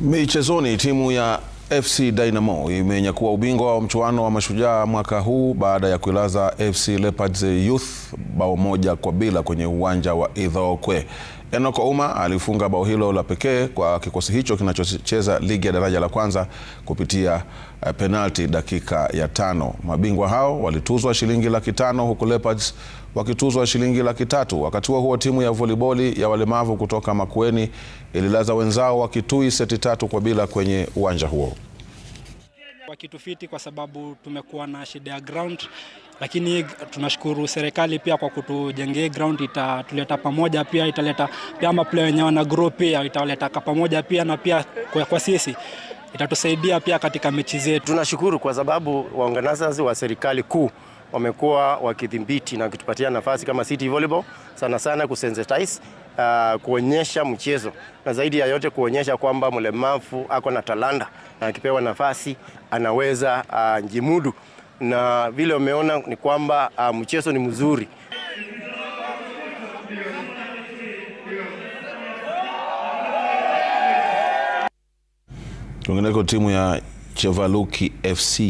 Michezoni, timu ya FC Dynamo imenyakua ubingwa wa mchuano wa mashujaa mwaka huu baada ya kuilaza FC Leopards Youth bao moja kwa bila kwenye uwanja wa Ithookwe. enoko Uma alifunga bao hilo la pekee kwa kikosi hicho kinachocheza ligi ya daraja la kwanza kupitia eh, penalti dakika ya tano. Mabingwa hao walituzwa shilingi laki tano huku Leopards wakituzwa shilingi laki tatu. Wakati huo huo, timu ya voliboli ya walemavu kutoka Makueni ililaza wenzao wa Kitui seti tatu kwa bila kwenye uwanja huo kwa kitu fiti, kwa sababu tumekuwa na shida ya ground, lakini tunashukuru serikali pia kwa kutujengea ground, itatuleta pamoja pia italeta pia ama player wenyewe na group pia italeta pamoja pia na pia kwa, kwa sisi itatusaidia pia katika mechi zetu. Tunashukuru kwa sababu waonganazazi wa serikali kuu wamekuwa wakidhibiti na kutupatia nafasi kama City Volleyball sana sana kusensitize uh, kuonyesha mchezo na zaidi ya yote kuonyesha kwamba mlemavu ako na talanta na akipewa nafasi anaweza uh, njimudu na vile umeona ni kwamba uh, mchezo ni mzuri. Tuangalie timu ya Chevaluki FC